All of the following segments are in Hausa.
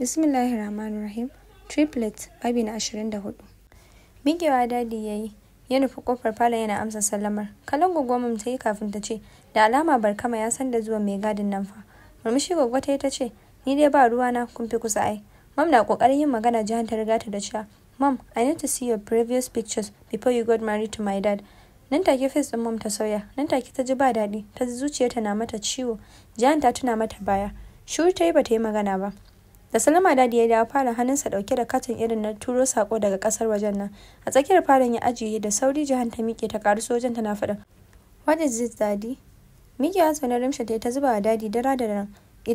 Bismillahir Rahmanir Rahim. Triplet, babi na 24. Miƙewa dadi ya yi, ya nufi kofar fala yana amsa sallamar. Kallon gwagwamam ta yi kafin ta ce, da alama barkama ya san da zuwa mai gadin nan fa. Murmushi gwagwa ta yi ta ce, ni dai ba ruwa na kun fi kusa ai. Mam na kokarin yin magana jihar ta riga ta da cewa, mam I need to see your previous pictures before you got married to my dad. Nan take face din mom ta sauya, nan take ta ji ba daɗi, ta zuciyarta na mata ciwo, jihan ta tuna mata baya. Shuru ta yi ba ta yi magana ba. da salama dadi ya dawo fara hannunsa dauke da katin irin na turo sako daga kasar wajen nan a tsakiyar farin ya ajiye da sauri jihan ta miƙe ta karu sojan tana faɗin what is this daddy miƙe wasu na rimshe ta ta zuba wa dadi dara da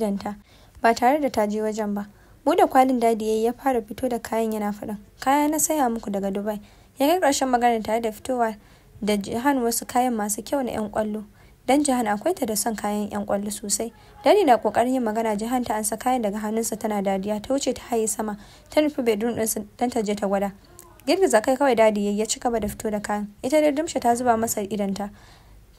ran ta ba tare da ta je wajen ba mu da kwalin dadi yayi ya fara fito da kayan yana faɗan. kaya na saya muku daga dubai ya kai ƙarshen magana tare da fitowa da jihan wasu kayan masu kyau na 'yan kwallo Dan Jahan akwai ta da son kayan 'yan kwallo sosai. Dani na kokarin yin magana Jahan ta ansa kayan daga hannunsa tana dadiya ta wuce ta haye sama ta nufi bedroom ɗinsu dan ta je ta gwada. Girgiza kai kawai dadi yayi ya cika ba da fito da kayan. Ita da dumshe ta zuba masa idanta.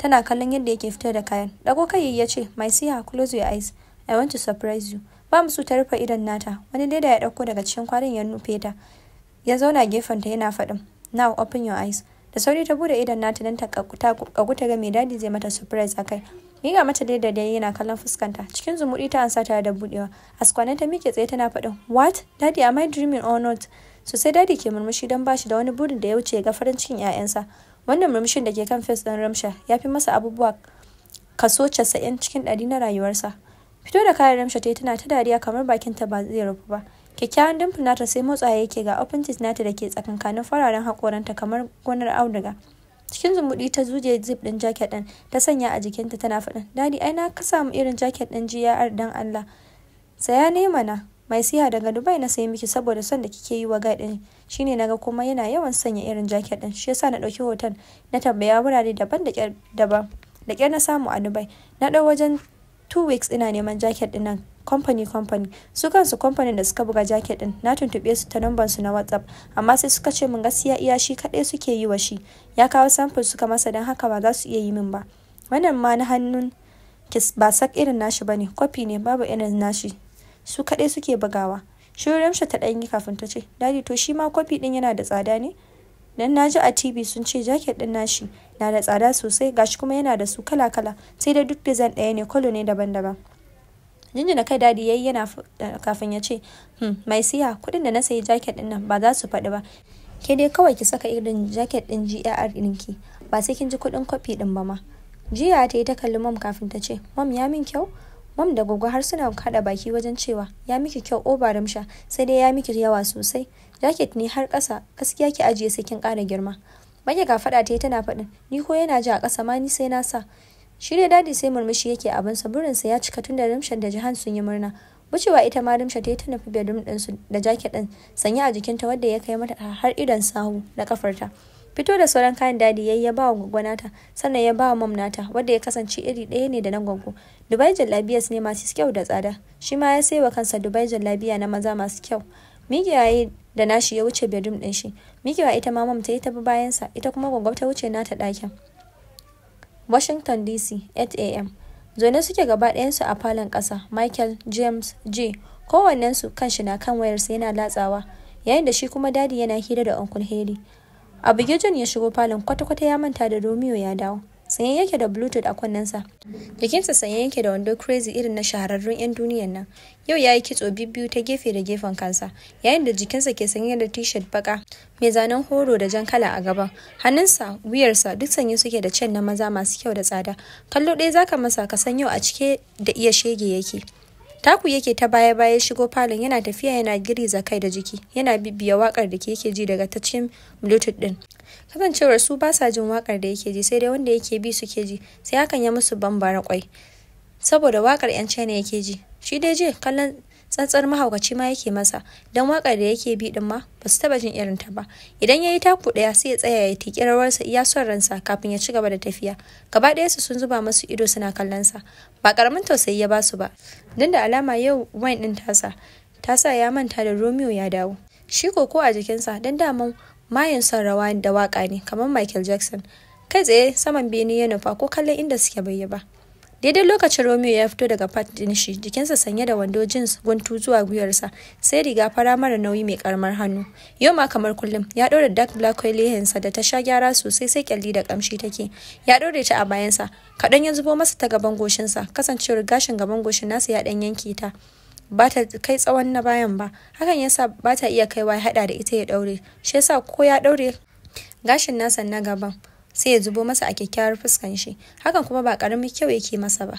Tana kallon yadda yake fitar da kayan. Dago kai ya ce, "My siya, close your eyes. I want to surprise you." Ba musu ta rufe idon nata. Wani leda ya dauko daga cikin kwarin ya nufe ta. Ya zauna gefen ta yana faɗin, "Now open your eyes." da sauri ta bude idan nata dan ta kagu ga mai dadi zai mata surprise akai miga mata da dai yana kallon fuskanta cikin zumudi ta ansa tare da budewa askwanan ta mike tsaye tana faɗin what daddy am i dreaming or not so sai dadi ke murmushi don bashi da wani burin da ya wuce ga farin cikin 'ya'yansa wannan murmushin da ke kan fes din ramsha ya fi masa abubuwa kaso casa'in cikin ɗari na rayuwarsa fito da kayan ramsha ta yi tana ta dariya kamar bakinta ba zai rufu ba kyakkyawan dimfin nata sai motsaye yake ga ofincit nata da ke tsakankanin fararen hakoranta kamar gonar auduga cikin zumuɗi ta zuje zip ɗin jaket ɗin ta sanya a jikinta tana faɗin dadi ai na ka samu irin jaket ɗin GR dan Allah saya ne mana mai siya daga Dubai na sayi miki saboda son da kike yi wa gai ɗin shine naga kuma yana yawan sanya irin jaket ɗin shi yasa na ɗauki hoton na tambaya wurare daban da daban da ƙyar na samu a Dubai na ɗau wajen two weeks ina neman jaket ɗin nan kamfani kamfani su kansu kamfanin da suka buga jaket din na tuntuɓe su ta namban su na whatsapp amma sai suka ce mun gaskiya iya shi kaɗai suke yi wa shi ya kawo samfur suka masa dan haka ba za su iya yi min ba wannan ma na hannun kis ba sak irin nashi bane kwafi ne babu irin nashi su kadai suke bugawa shirin ramsha ta yi kafin ta ce dadi to shi ma kwafi din yana da tsada ne dan na ji a tv sun ce jaket din nashi na da tsada sosai gashi kuma yana da su kala kala sai da duk design ɗaya ne kolo ne daban-daban jinjina kai dadi yayi yana kafin ya ce hmm mai siya kudin da na sayi jacket din nan ba za su faɗi ba ke dai kawai ki saka irin jaket ɗin GR ɗinki ba sai kin ji kudin kwafi ɗin ba ma jiya ta yi ta kalli mom kafin ta ce mom ya min kyau mom da gogo har suna kada baki wajen cewa ya miki kyau oba ramsha sai dai ya miki yawa sosai jacket ne har ƙasa gaskiya ki ajiye sai kin ƙara girma Manya ga faɗa ta yi tana faɗin ni ko yana ji a ƙasa ma ni sai na sa shirya dadi sai murmushi yake abin sa ya cika tun da rimshan da jihan sun yi murna wucewa ita ma rimsha ta yi ta nufi bedroom su da jacket ɗin sanya a jikinta wadda ya kai mata har idon sahu na kafarta fito da sauran kayan dadi yayi ya ba wa nata sannan ya ba wa mam nata wadda ya kasance iri daya ne da nan gwaggo dubai jallabiyas ne masu kyau da tsada shi ma ya sai wa kansa dubai jallabiya na maza masu kyau migiyaye da nashi ya wuce bedroom ɗin shi wa ita ma mam ta yi ta bi bayansa ita kuma gwaggwab ta wuce nata ɗakin Washington DC 8 a.m. Zaune suke gaba ɗayansu a falon ƙasa Michael James J. Kowannensu kan shi na kan wayarsa yana latsawa yayin da shi kuma dadi yana hira da Uncle Harry. A John ya shigo falon kwata-kwata ya manta da Romeo ya dawo. sanye yake da bluetooth a kunnensa jikinsa sanye yake da wando crazy irin na shahararrun 'yan duniyan nan yau ya yi kitso biyu ta gefe da gefen kansa yayin da jikinsa ke sanye da t-shirt baka mai zanen horo da jan kala a gaban hannunsa wuyarsa duk sanye suke da cen na maza masu kyau da tsada kallo ɗaya zaka masa ka san yau a cike da iya shege yake taku yake ta baya baya shigo falon yana tafiya yana giriza kai da jiki yana bibiya wakar da yake ji daga ta cikin bluetooth din kasancewar su ba sa jin wakar da yake ji sai dai wanda yake bi suke ji sai hakan ya musu bambara kwai saboda wakar yan china yake ji shi dai je kallon tsantsar mahaukaci ma yake masa don wakar da yake bi din ma ba su taba jin irin ta ba idan ya yi taku ɗaya sai ya tsaya ya tiki rawarsa iya son ransa kafin ya ci gaba da tafiya gaba ɗaya su sun zuba masu ido suna kallon sa ba karamin tausayi ya basu ba don da alama yau wine din tasa tasa ya manta da romeo ya dawo shi koko a jikin jikinsa don daman mayan son rawa da waka ne kamar michael jackson kai tsaye saman bene ya nufa ko kallon inda suke bayyaba ba daidai lokacin romeo ya fito daga pat din shi jikinsa sanye da wando jeans guntu zuwa gwiwarsa sai riga fara mara nauyi mai karamar hannu yau ma kamar kullum ya ɗora dark black lehensa da ta sha gyara sosai sai kyalli da kamshi take ya ɗora ta a bayansa kaɗan ya zubo masa ta gaban goshinsa kasancewar gashin gaban goshin nasa ya ɗan yanki ta ba ta kai tsawon na bayan ba hakan yasa ba ta iya kaiwa ya haɗa da ita ya ɗaure shi yasa ko ya ɗaure gashin nasa na gaban sai ya zubo masa a kyakkyawar fuskan shi hakan kuma ba karamin kyau yake masa ba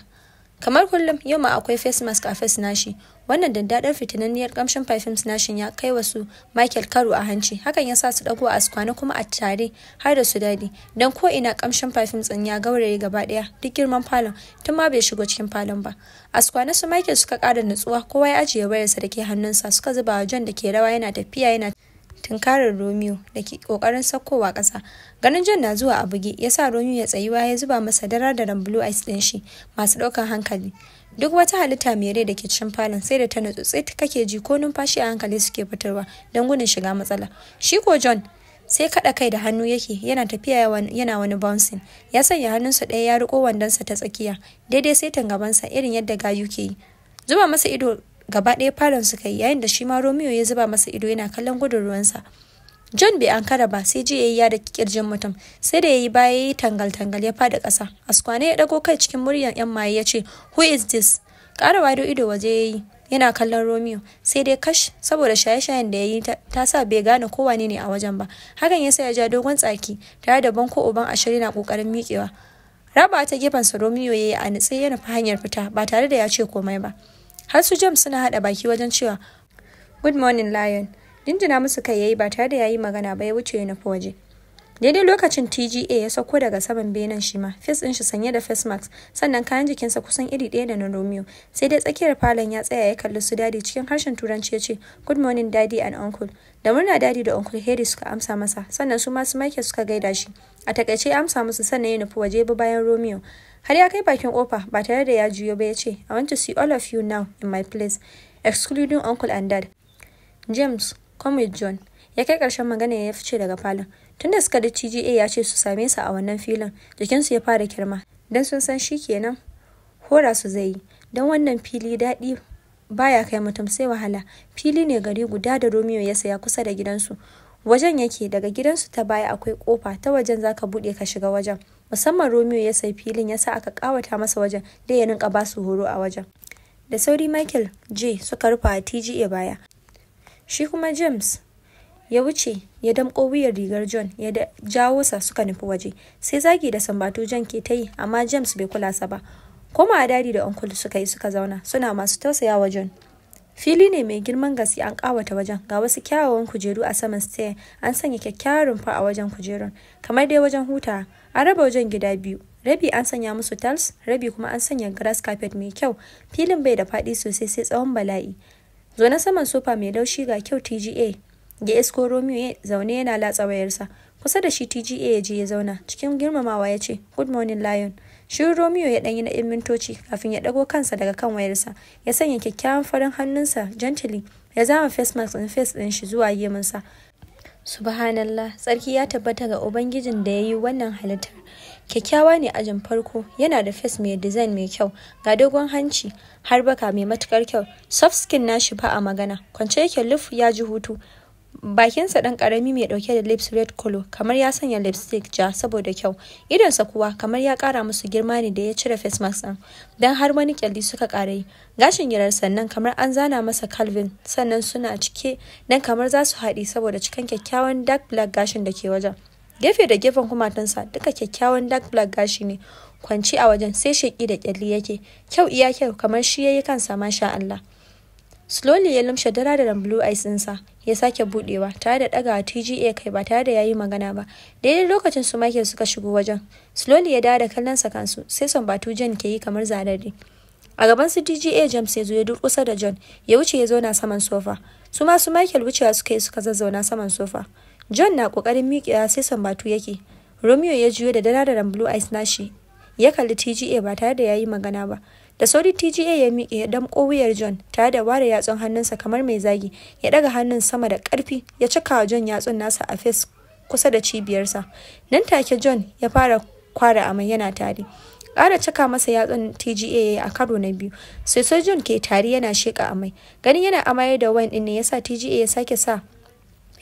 kamar kullum yau ma akwai face mask a face nashi wannan daddadar fitinanniyar kamshin perfumes nashin ya kai wasu michael karo a hanci hakan ya sa su dago a askwana kuma a tare har da su dadi dan ko ina kamshin perfumes din ya gauraye gaba daya duk girman falon tun ma bai shigo cikin falon ba askwana su michael suka kara nutsuwa kowa ya ajiye wayarsa da ke hannunsa suka zuba wa john da ke rawa yana tafiya yana tunkarar romeo da ke kokarin saukowa ƙasa ganin john na zuwa a buge ya sa romeo ya tsayuwa ya zuba masa darar da ran blue eyes ɗin shi masu ɗaukar hankali duk wata halitta mai rai da ke cikin falon sai da ta nutsu ta kake ji ko numfashi a hankali suke fitarwa don gudun shiga matsala shi ko john sai kaɗa kai da hannu yake yana tafiya yana wani bouncing ya sanya hannunsa ɗaya ya riko wandonsa ta tsakiya daidai sai saitin gabansa irin yadda gayu ke yi zuba masa ido gaba ɗaya falon suka yi yayin da shi ma romeo ya zuba masa ido yana kallon gudun ruwansa john bai ankara ba sai ji yayi ya da kirjin mutum sai da yayi baya yayi tangal tangal ya fada ƙasa askwane ya dago kai cikin muryar yan maye ya ce who is this ƙara wado ido waje yayi yana kallon romeo sai dai kash saboda shaye-shayen da ya yi ta sa bai gane ko wane ne a wajen ba hakan yasa ya ja dogon tsaki tare da banko uban ashirin na kokarin miƙewa raba ta gefensa romeo yi a nitse ya hanyar fita ba tare da ya ce komai ba har su James suna hada baki wajen cewa good morning lion jinjina musu kai yayi ba tare da yayi magana ba ya wuce ya nufi waje daidai lokacin tga ya sauko daga saman benen shi ma fes ɗin shi sanye da face mask sannan kayan jikinsa kusan iri ɗaya da na romeo sai dai tsakiyar falon ya tsaya ya kalli su dadi cikin harshen turanci ya ce good morning daddy and uncle da murna dadi da uncle harry suka amsa masa sannan su masu michael suka gaida shi a takaice ya amsa musu sannan ya nufi waje bayan romeo har ya kai bakin kofa ba tare da ya juyo ba ya ce i want to see all of you now in my place excluding uncle and dad james come with john ya kai ƙarshen magana ya fice daga falon tunda suka da TGA ya ce su same su a wannan filin jikinsu ya fara kirma don sun san shi kenan hora su zai yi don wannan fili daɗi baya kai mutum sai wahala fili ne gari guda da Romeo ya saya kusa da gidansu wajen yake daga gidansu ta baya akwai kofa ta wajen zaka buɗe ka shiga wajen musamman Romeo ya sai filin ya sa aka kawata masa wajen da ya ba basu horo a wajen da sauri Michael J suka rufa a TGA baya shi kuma James ya wuce ya damƙo wuyar rigar john ya jawo sa suka nufi waje sai zagi da sambatu john ke ta yi amma james bai kula sa ba koma a dadi da onkul suka yi suka zauna suna masu tausaya wa john fili ne mai girman gaske an kawata wajen ga wasu kyawawan kujeru a saman stair an sanya kyakkyawar rumfa a wajen kujerun kamar dai wajen huta an raba wajen gida biyu rabi an sanya musu tiles rabi kuma an sanya grass carpet mai kyau filin bai da faɗi sosai sai tsawon bala'i zo na saman sofa mai laushi ga kyau tga ya isko romeo ya zaune yana latsa wayarsa kusa da shi tga ya je ya zauna cikin girmamawa ya ce good morning lion shirin romeo ya ɗanyi na ɗin mintoci kafin ya ɗago kansa daga kan wayarsa ya sanya kyakkyawan farin hannunsa gently ya zama face mask ɗin face ɗin shi zuwa yiminsa subhanallah tsarki ya tabbata ga ubangijin da ya yi wannan halittar kyakkyawa ne ajin farko yana da face mai design mai kyau ga dogon hanci har baka mai matukar kyau soft skin nashi ba a magana kwance yake luf ya ji hutu bakinsa ɗan karami mai ɗauke da lips red color kamar ya sanya lipstick ja saboda kyau idonsa kuwa kamar ya kara musu girma ne da ya cire face mask ɗin don har wani kyalli suka kara yi gashin girar sannan kamar an zana masa calvin sannan suna cike don kamar za su haɗi saboda cikan kyakkyawan dark black gashin da ke wajen gefe da gefen kumatunsa duka kyakkyawan dark black gashi ne kwanci a wajen sai sheƙi da ƙyalli yake kyau iya kyau kamar shi yayi kansa masha Allah Slowly ya lumshe dararen blue eyes ɗinsa ya sake budewa tare da ɗaga TGA kai ba tare da yayi magana ba. Daidai lokacin su Michael suka shigo wajen. Slowly ya dawo da kallon sa kansu sai son batu John ke yi kamar zarare. A gaban su TGA James ya zo ya kusa da John ya wuce ya zauna saman sofa. Su ma su Michael wucewa suka yi suka zazzauna saman sofa. John na ƙoƙarin miƙewa sai son batu yake. Romeo ya juyo da dararen blue eyes nashi ya kalli TGA ba tare da yayi magana ba. Da sauri TGA ya miƙe ya damƙo wuyar John tare da ware yatsun hannunsa kamar mai zagi, ya ɗaga hannun sama da ƙarfi ya cika wa John yatsun nasa a fes kusa da cibiyarsa. Nan take John ya fara kwara amai yana tari. Ƙara cika masa yatsun TGA ya yi a karo na biyu, sai sai John ke tari yana sheƙa amai. Ganin yana amayar da wayan ɗin ne yasa TGA ya sake sa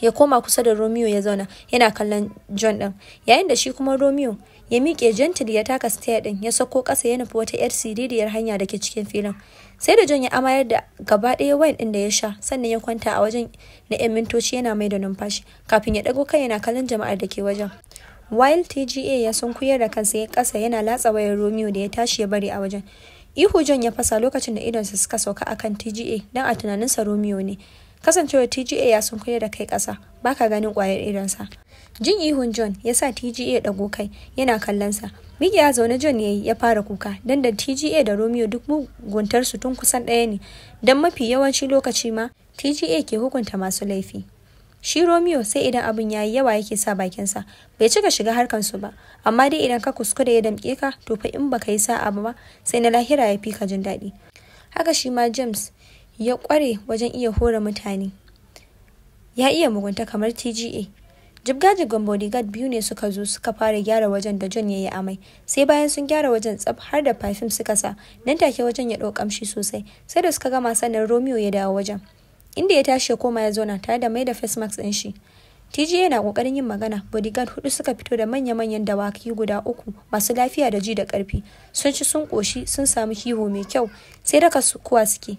ya koma kusa da romeo ya zauna yana kallon john din. yayin da shi kuma romeo ya miƙe gentil ya taka stair din ya sauko kasa ya nufi wata yar siririyar hanya da ke cikin filin sai da john ya amayar da gaba ɗaya wine ɗin da ya sha sannan ya kwanta a wajen na 'yan mintoci yana mai da numfashi kafin ya ɗago kai yana kallon jama'ar da ke wajen while tga ya sunkuyar da kansa ya kasa yana latsa wayar romeo da ya tashi ya bari a wajen ihu john ya fasa lokacin da idonsa suka sauka akan tga don a tunaninsa romeo ne kasancewar tga ya sunkuya da kai ƙasa baka ganin ƙwayar idonsa jin ihun john ya sa tga ɗago kai yana kallonsa ya zaune john ya yi ya fara kuka don da tga da romeo duk muguntarsu tun kusan ɗaya ne don mafi yawanci lokaci ma tga ke hukunta masu laifi shi romeo sai idan abin ya yi yawa yake sa bakinsa bai cika shiga harkansu ba amma dai idan ka kuskure ya damƙe ka to fa in baka yi sa'a ba sai na lahira ya fi ka jin daɗi haka shi ma james ya ƙware wajen iya hora mutane ya iya mugunta kamar tga jibgajibgan bodyguard biyu ne suka zo suka fara gyara wajen da john ya yi amai sai bayan sun gyara wajen tsab har da perfume suka sa nan take wajen ya ɗau kamshi sosai sai da suka gama sanar romeo ya dawo wajen inda ya tashi ya koma ya zauna tare da mai da face mask ɗin shi TGA na ƙoƙarin yin magana, bodyguard hudu suka fito da manya-manyan dawaki guda uku masu lafiya da ji da karfi. Sun ci sun ƙoshi sun samu kiwo mai kyau, sai raka su kuwa suke.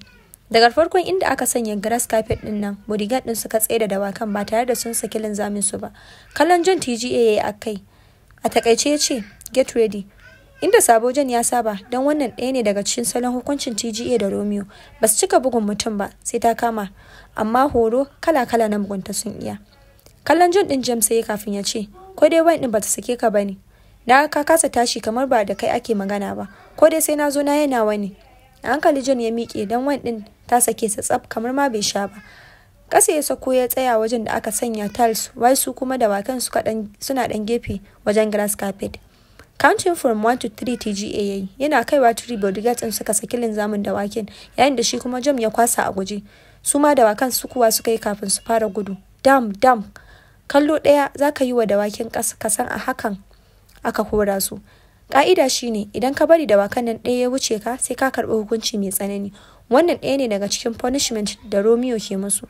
daga farkon inda aka sanya grass carpet din nan bodyguard din suka tsaye da dawakan ba tare da sun saki linzamin su ba kallon john tga ya yi akai a takaice ya ce get ready inda sabo john ya saba don wannan ɗaya ne daga cikin salon hukuncin tga da romeo ba su cika bugun mutum ba sai ta kama amma horo kala kala na mugunta sun iya kallon john din james sai kafin ya ce ko dai wani ba ta sake ka bane ne na ka kasa tashi kamar ba da kai ake magana ba ko dai sai na zo na yana wani da hankali john ya miƙe don wan ɗin ta sake sa tsaf kamar ma bai sha ba ƙasa ya sako ya tsaya wajen da aka sanya tiles wai su kuma dawakan suna ɗan gefe wajen grass carpet Counting from 1 to 3 TGA yayi yana kaiwa turi bodyguards din suka saki linzamin dawakin yayin da shi kuma john ya kwasa a guje. Su ma dawakan su kuwa suka yi kafin su fara gudu. Dam dam. Kallo ɗaya za ka yi wa dawakin ƙasa kasan a hakan aka kora su. Ƙa'ida shine idan ka bari da wakan nan ɗaya ya wuce ka sai ka karɓi hukunci mai tsanani. Wannan ɗaya ne daga cikin punishment da Romeo ke musu.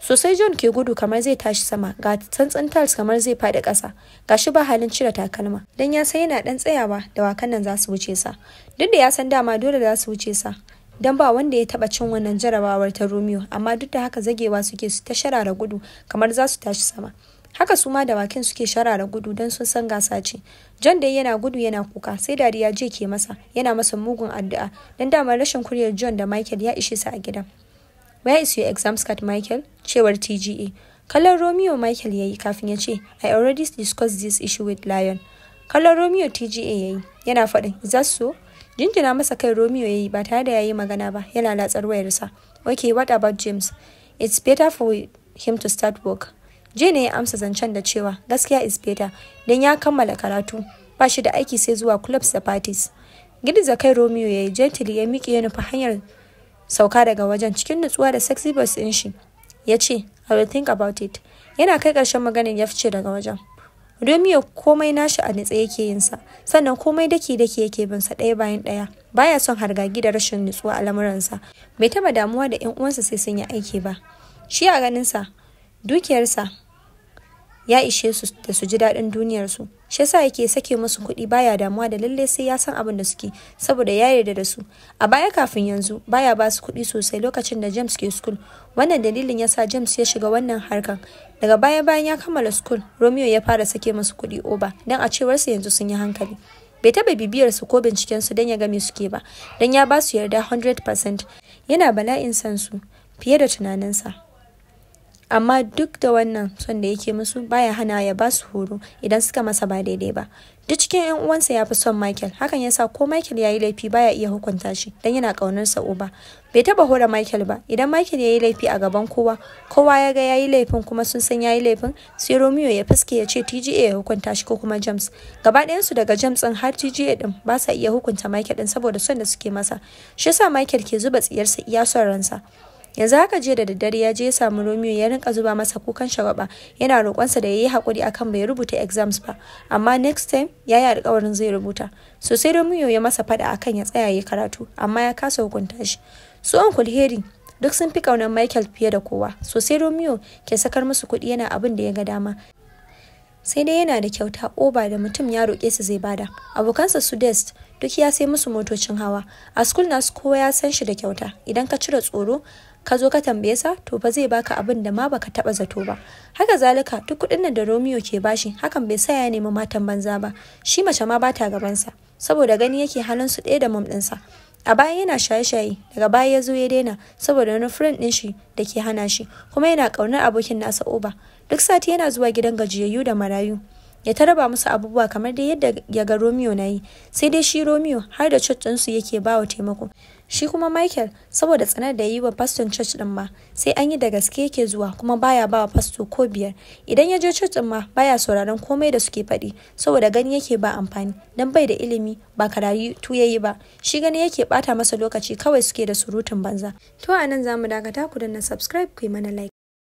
Sosai John ke gudu kamar zai tashi sama, ga tsantsan tiles kamar zai faɗi ƙasa, ga shi ba halin cire takalma, don ya san yana ɗan tsayawa da wakan nan za su wuce sa. Duk da ya san dama dole za su wuce sa, don ba wanda ya taɓa cin wannan jarabawar ta Romeo, amma duk da haka zagewa suke su ta sharara gudu kamar za su tashi sama. haka su ma dawakin suke sharara gudu don sun san gasa ce jan dai yana gudu yana kuka sai dariya je ke masa yana masa mugun addu'a don damar rashin kuryar john da michael ya ishe su a gida where is your exam card michael cewar tga kallon romeo michael ya yi kafin ya ce i already discussed this issue with lion kallon romeo tga ya yi yana faɗin zasu so jinjina masa kai romeo ya yi ba tare da ya yi magana ba yana latsar wayarsa okay what about james it's better for him to start work ne ya amsa zancen da cewa gaskiya is better don ya kammala karatu ba shi da aiki sai zuwa clubs da parties girgiza kai romeo ya yi gently ya miƙe ya nufi hanyar sauka daga wajen cikin nutsuwa da sexy boss ɗin shi ya ce i will think about it yana kai karshen maganin ya fice daga wajen romeo komai nashi a nutse yake yinsa sannan komai daki daki yake binsa sa ɗaya bayan ɗaya baya son hargagi da rashin nutsuwa a lamuransa bai taɓa damuwa da 'yan uwansa sai sun yi aiki ba shi a ganinsa dukiyarsa ya ishe su da su ji daɗin duniyarsu shi yasa yake sake musu kuɗi baya damuwa da lalle sai ya san abin da suke saboda ya yarda da su a baya kafin yanzu baya ba su kuɗi sosai lokacin da James ke school wannan dalilin yasa James ya shiga wannan harkan daga baya bayan ya kammala school Romeo ya fara sake musu kuɗi oba dan a cewar su yanzu sun yi hankali bai taɓa bibiyar su ko binciken su dan ya ga me suke ba dan ya ba su yarda 100% yana bala'in san su fiye da tunaninsa amma duk da wannan son da yake musu baya hana ya ba su horo idan suka masa ba daidai ba duk cikin yan uwansa ya fi son Michael hakan yasa ko Michael ya yi laifi baya iya hukunta shi dan yana kaunar sa uba bai taba hora Michael ba idan Michael ya yi laifi a gaban kowa kowa ya ga ya yi laifin kuma sun san ya yi laifin sai Romeo ya fuske ya ce TGA ya hukunta shi ko kuma James gaba dayansu su daga James din har TGA din ba sa iya hukunta Michael din saboda son da suke masa shi yasa Michael ke zuba tsiyarsa iya son ransa yanzu haka jiya da daddare ya je ya samu Romeo ya rinka zuba masa kukan shagaba yana roƙonsa da ya yi hakuri akan bai rubuta exams ba amma next time ya yi alƙawarin zai rubuta sosai Romeo ya masa fada akan ya tsaya ya karatu amma ya kasa hukunta shi su Uncle kulheri duk sun fi ƙaunar Michael fiye da kowa sosai Romeo ke sakar musu kuɗi yana abin da ya ga dama sai dai yana da kyauta oba da mutum ya roƙe su zai bada abokansa su dest duk ya sai musu motocin hawa a school nasu kowa ya san shi da kyauta idan ka cire tsoro ka zo ka tambaye sa to ba zai baka abin da ma baka taba zato ba haka zalika duk kudin nan da Romeo ke bashi hakan bai sa ya nemi matan banza ba shi mace ma bata gabansa saboda gani yake halin su ɗaya da mom ɗinsa a bayan yana shaye-shaye daga baya ya zo ya daina saboda wani friend ɗin shi da ke hana shi kuma yana kaunar abokin nasa oba duk sati yana zuwa gidan gajiyayyu da marayu ya ta raba musu abubuwa kamar dai yadda ya ga romeo na yi sai dai shi romeo har da church su yake ba wa taimako shi kuma michael saboda tsanar da yi wa faston church din ma sai an yi da gaske yake zuwa kuma baya ba wa fasto ko biyar idan ya je church din ma baya sauraron komai da suke faɗi saboda gani yake ba amfani dan bai da ilimi ba karatu yi ba shi gani yake bata masa lokaci kawai suke da surutun banza to anan zamu dakata ku na subscribe ku yi mana like